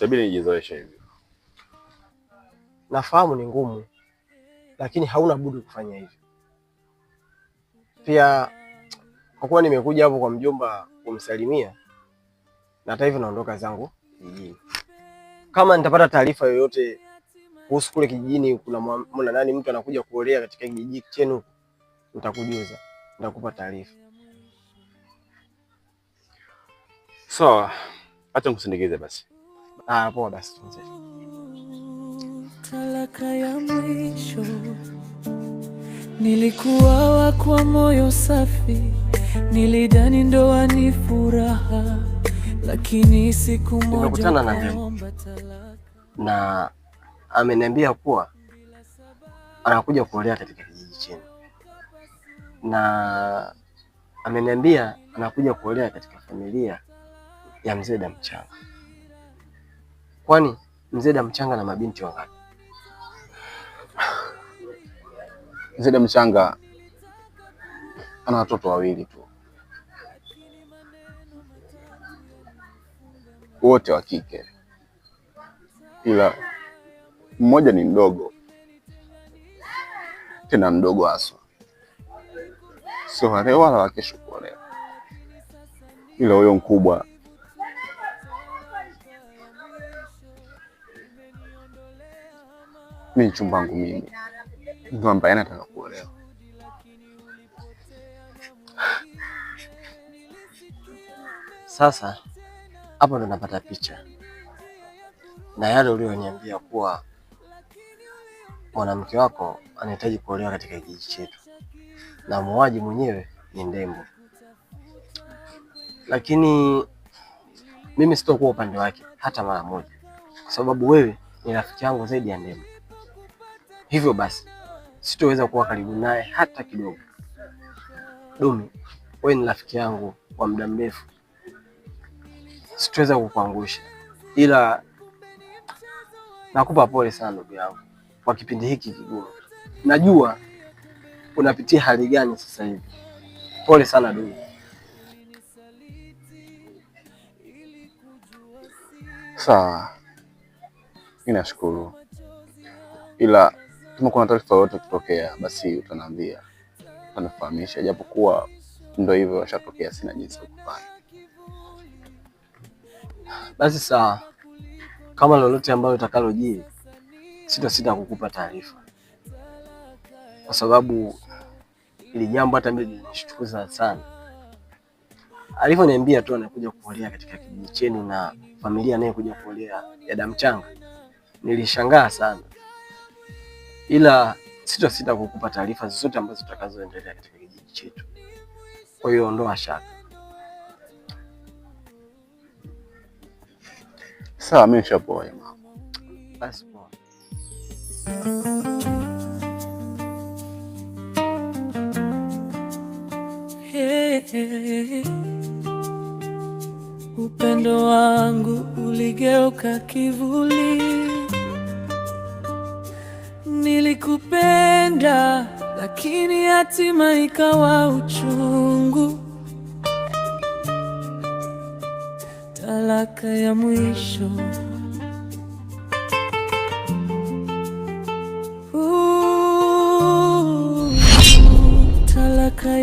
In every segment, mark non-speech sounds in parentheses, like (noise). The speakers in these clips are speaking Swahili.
itabidi nijizoeshe hivi. Nafahamu ni ngumu, lakini hauna budi kufanya hivyo. Pia kwa kuwa nimekuja hapo kwa mjomba kumsalimia, na hata hivyo naondoka zangu kijijini. Mm-hmm. Kama nitapata taarifa yoyote kuhusu kule kijijini, kuna mwana nani, mtu anakuja kuolea katika kijiji chenu, nitakujuza, nitakupa taarifa sawa. So, acha nikusindikize basi. Ah, poa basi. Talaka ya mwisho nilikuwa kwa moyo safi, nilidhani ndoa ni furaha, lakini siku moja na ameniambia kuwa anakuja kuolea katika kijiji chenu, na ameniambia anakuja kuolea katika familia ya mzee Damchanga. Kwani mzee Damchanga na mabinti wangapi? Mzee Damchanga ana watoto wawili tu, wote wa kike, ila mmoja ni mdogo, tena mdogo haswa, sio wale wala wa kesho kuolewa, ila huyo mkubwa mi mchumba wangu mimi ndo ambaye anataka kuolewa. Sasa hapo ndo napata picha na yale ulioniambia kuwa mwanamke wako anahitaji kuolewa katika kijiji chetu na muuaji mwenyewe ni Ndembo, lakini mimi sitokuwa upande wake hata mara moja, kwa sababu wewe ni rafiki yangu zaidi ya Ndembo. Hivyo basi sitoweza kuwa karibu naye hata kidogo. Dumi, wewe ni rafiki yangu kwa muda mrefu, sitoweza kukuangusha, ila nakupa pole sana ndugu yangu kwa kipindi hiki kigumu. Najua unapitia hali gani sasa hivi. Pole sana Dumi. Sawa, mimi ila kama kuna taarifa yoyote kutokea, basi utaniambia, utanifahamisha, japokuwa ndo hivyo, washatokea, sina jinsi ya kufanya. Basi sawa, kama lolote ambalo utakalojii, sita sita kukupa taarifa, kwa sababu ili jambo hata mimi linishtukiza sana. Alivyoniambia tu anakuja kuolea katika kijiji chenu na familia naye kuja kuolea ya damu changa, nilishangaa sana ila sitasita kukupa taarifa zozote ambazo zitakazoendelea katika kijiji chetu. Kwa hiyo ondoa shaka. Sawa, mimi nishapoa mama. Basi poa. Upendo wangu uligeuka kivuli faraja, lakini hatima ikawa uchungu. Talaka ya mwisho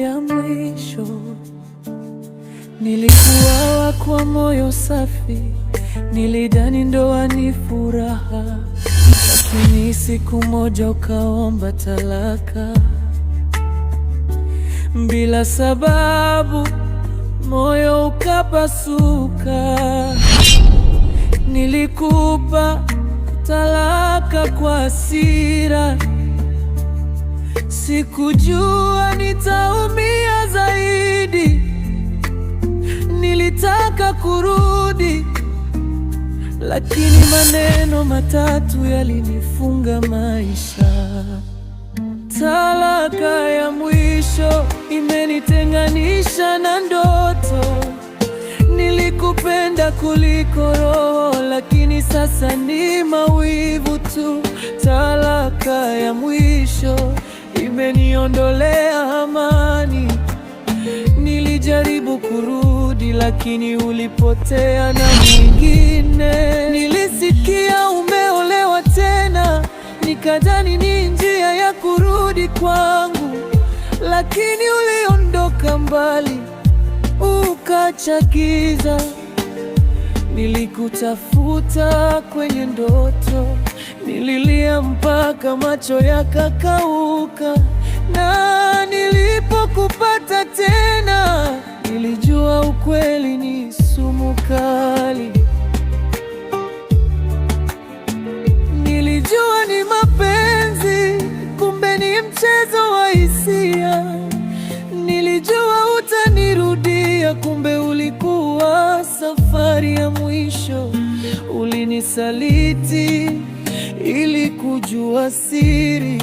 ya mwisho nilikuwa kwa moyo safi, nilidhani ndoa ni furaha. Lakini siku moja ukaomba talaka bila sababu, moyo ukapasuka. Nilikupa talaka kwa hasira, sikujua nitaumia zaidi. Nilitaka kurudi lakini maneno matatu yalinifunga maisha. Talaka ya mwisho imenitenganisha na ndoto. Nilikupenda kuliko roho, lakini sasa ni mawivu tu. Talaka ya mwisho imeniondolea amani. Nilijaribu kurudi lakini ulipotea na mwingine. Nilisikia umeolewa tena, nikadhani ni njia ya kurudi kwangu, lakini uliondoka mbali, ukacha giza. Nilikutafuta kwenye ndoto, nililia mpaka macho yakakauka, na nilipokupata tena Nilijua ukweli ni sumu kali, nilijua ni mapenzi, kumbe ni mchezo wa hisia. Nilijua utanirudia, kumbe ulikuwa safari ya mwisho. Ulinisaliti ili kujua siri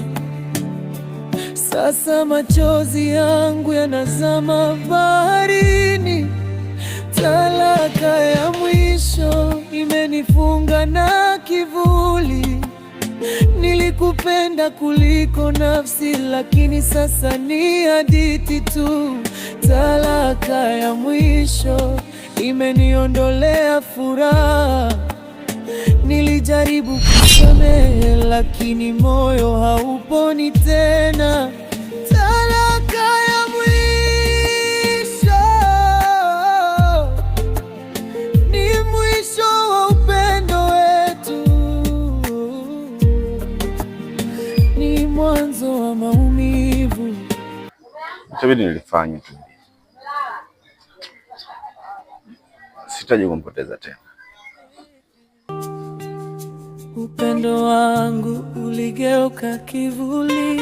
sasa machozi yangu yanazama baharini. Talaka ya mwisho imenifunga na kivuli. Nilikupenda kuliko nafsi, lakini sasa ni hadithi tu. Talaka ya mwisho imeniondolea furaha. Nilijaribu kusamehe, lakini moyo hauponi tena. Itabidi nilifanye tu, sitaji kumpoteza tena. Upendo wangu uligeuka kivuli,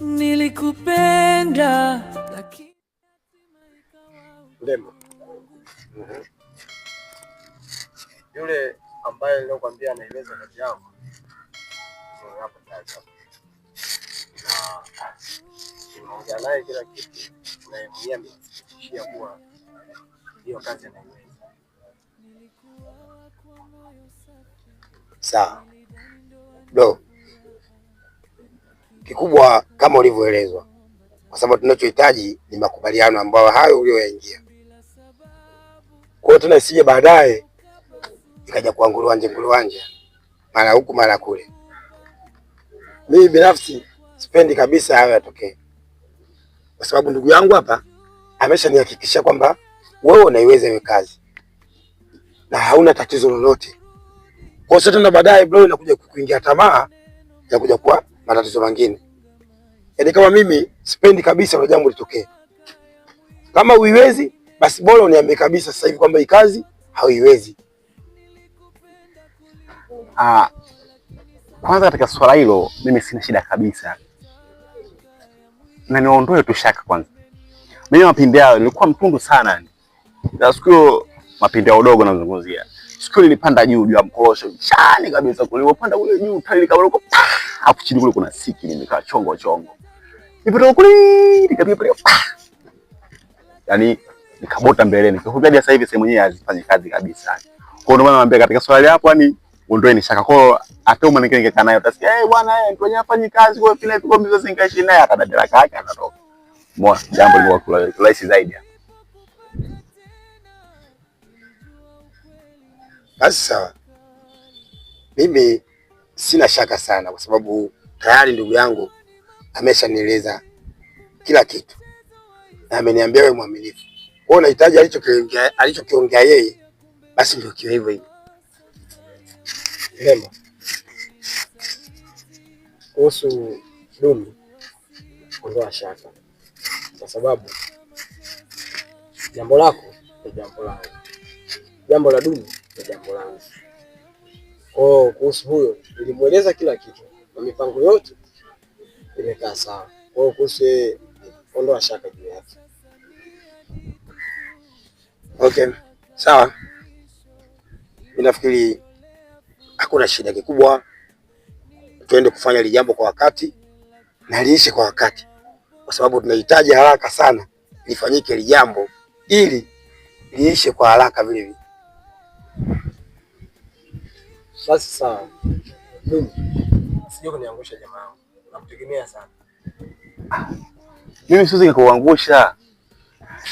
nilikupenda lakini Ndema. Mm -hmm. Yule ambaye niliokuambia anaiweza kazi yangu naye kila kitu, kuwa hiyo kazi anaiweza. Sawa do kikubwa kama ulivyoelezwa, kwa sababu tunachohitaji ni makubaliano ambayo hayo ulioyaingia. Kwa hiyo tena isije baadaye ikaja kuanguruanje nguluwanje mara huku mara kule. Mimi binafsi Sipendi kabisa hayo yatokee, kwa sababu ndugu yangu hapa ameshanihakikishia kwamba wewe unaiweza hiyo kazi na hauna tatizo lolote. Kwa hiyo tena baadaye bro inakuja kukuingia tamaa ya kuja kuwa matatizo mengine. Yaani kama mimi sipendi kabisa hilo jambo litokee. Kama uiwezi basi bora uniambie kabisa sasa hivi kwamba hii kazi hauiwezi. Ah, kwanza katika swala hilo mimi sina shida kabisa na niondoe tu shaka kwanza. Mimi mapimbi yao nilikuwa mtundu sana, na siku hiyo mapimbi yao dogo nazungumzia, siku hiyo nilipanda juu juu ya mkorosho chani kabisa, kule. Nilipanda kule juu tani kama huko, hapo chini kule kuna siki, nimekaa chongo chongo, nipata kule nikapiga pale, Yaani nikabota mbele, nikafuga hadi sasa hivi sehemu yenyewe hazifanyi kazi kabisa. Kwa hiyo ndio maana naambia katika swali hapo yani ondoeni shaka kwao. Apewa mwanamke ningekaa naye, utasikia eh, bwana eh, mtu hafanyi kazi kwa kile tuko mzozo singaishi naye, akadadala kaka anatoka. Mbona jambo ni limekuwa rahisi zaidi hapa. Basi mimi sina shaka sana, kwa sababu tayari ndugu yangu ameshanieleza kila kitu na ameniambia wewe mwaminifu, wewe unahitaji alichokiongea alichokiongea yeye, basi ndio kiwe hivyo hivyo. Lema, kuhusu Dumi, ondoa shaka, kwa sababu jambo lako ni jambo langu, jambo la Dumi ni jambo langu. Kwao kuhusu huyo nilimweleza kila kitu na mipango yote imekaa sawa. Kwao kuhusu yeye, ondoa shaka juu yake. Okay, sawa, mi nafikiri hakuna shida kikubwa, tuende kufanya ile jambo kwa wakati na liishe kwa wakati, kwa sababu tunahitaji haraka sana lifanyike ile jambo ili liishe kwa haraka vile vile. Sasa sije kuniangusha jamaa, nakutegemea sana mimi, siwezi kuangusha,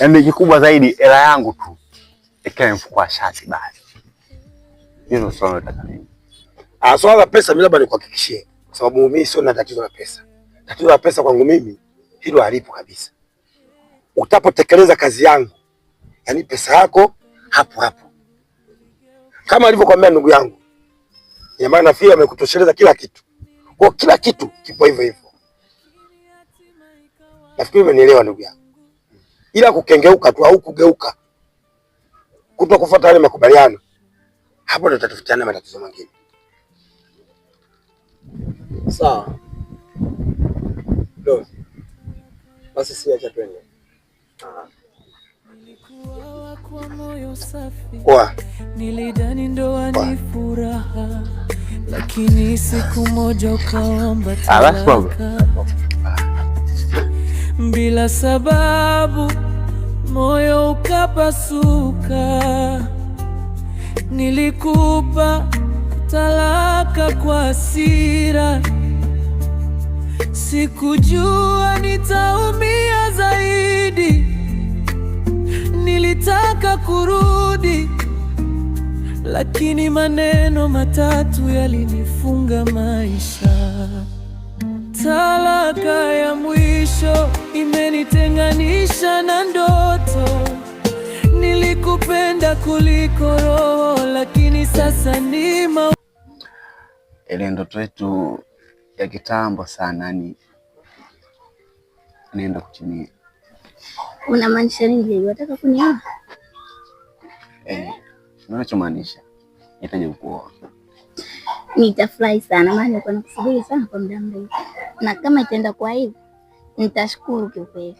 Yaani kikubwa zaidi hela yangu tu ikae mfuko wa shati basi, hizo sio nataka mimi. Ah, swala la pesa mimi labda nikuhakikishie, kwa sababu mimi sio na tatizo la pesa. Tatizo la pesa kwangu mimi hilo halipo kabisa. Utapotekeleza kazi yangu, yani pesa yako hapo hapo, kama alivyokuambia ndugu yangu ina maana fia amekutosheleza kila kitu, kwa kila kitu kipo hivyo hivyo. Nafikiri umenielewa ndugu yangu, ila kukengeuka tu au kugeuka kuto kufuata yale makubaliano, hapo ndo tutatafutiana matatizo mengine. Sawa dozi, basi siacha twende. kwa moyo safi, nilidhani ndoa ni furaha, lakini siku moja ukaomba ah, talaka bila sababu, moyo ukapasuka. Nilikupa talaka kwa hasira, sikujua nitaumia zaidi. Nilitaka kurudi, lakini maneno matatu yalinifunga maisha. Talaka ya mwisho imenitenganisha na ndoto. Nilikupenda kuliko roho, lakini sasa ni ile ndoto yetu ya kitambo sana, ni naenda kutimia. Unamaanisha nini? Unataka kuniona? Eh, nachomaanisha nitaje kuoa. Nitafurahi sana, maana nilikuwa nakusubiri sana kwa muda mrefu, na kama itaenda kwa hivi nitashukuru kiukweli.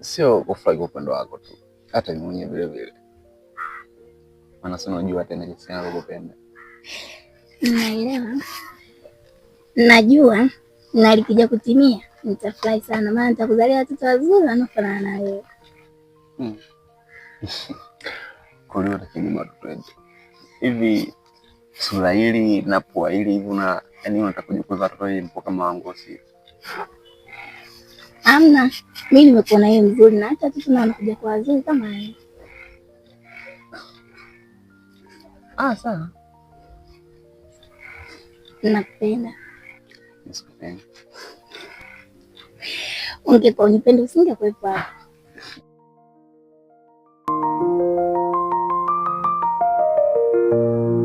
Sio kufurahi kwa upande wako tu, hata mwenyewe vile vile Manasi unajua tena jinsi ninavyokupenda. Naelewa, najua na likija kutimia nitafurahi sana, maana nitakuzalia watoto wazuri wanaofanana na wewe. Hmm. (laughs) Kulia takinyuma watoto wetu hivi, sura hili na pua hili hivi, na yani, unataka kujikuza watoto wenye mpo kama wangu, si amna? Mimi nimekuona yeye mzuri na hata watoto nao wanakuja kwa wazuri kama yeye Ah, sawa. Nakupenda. Nakupenda. Ungekuwa unipende usingekuwepo hapa.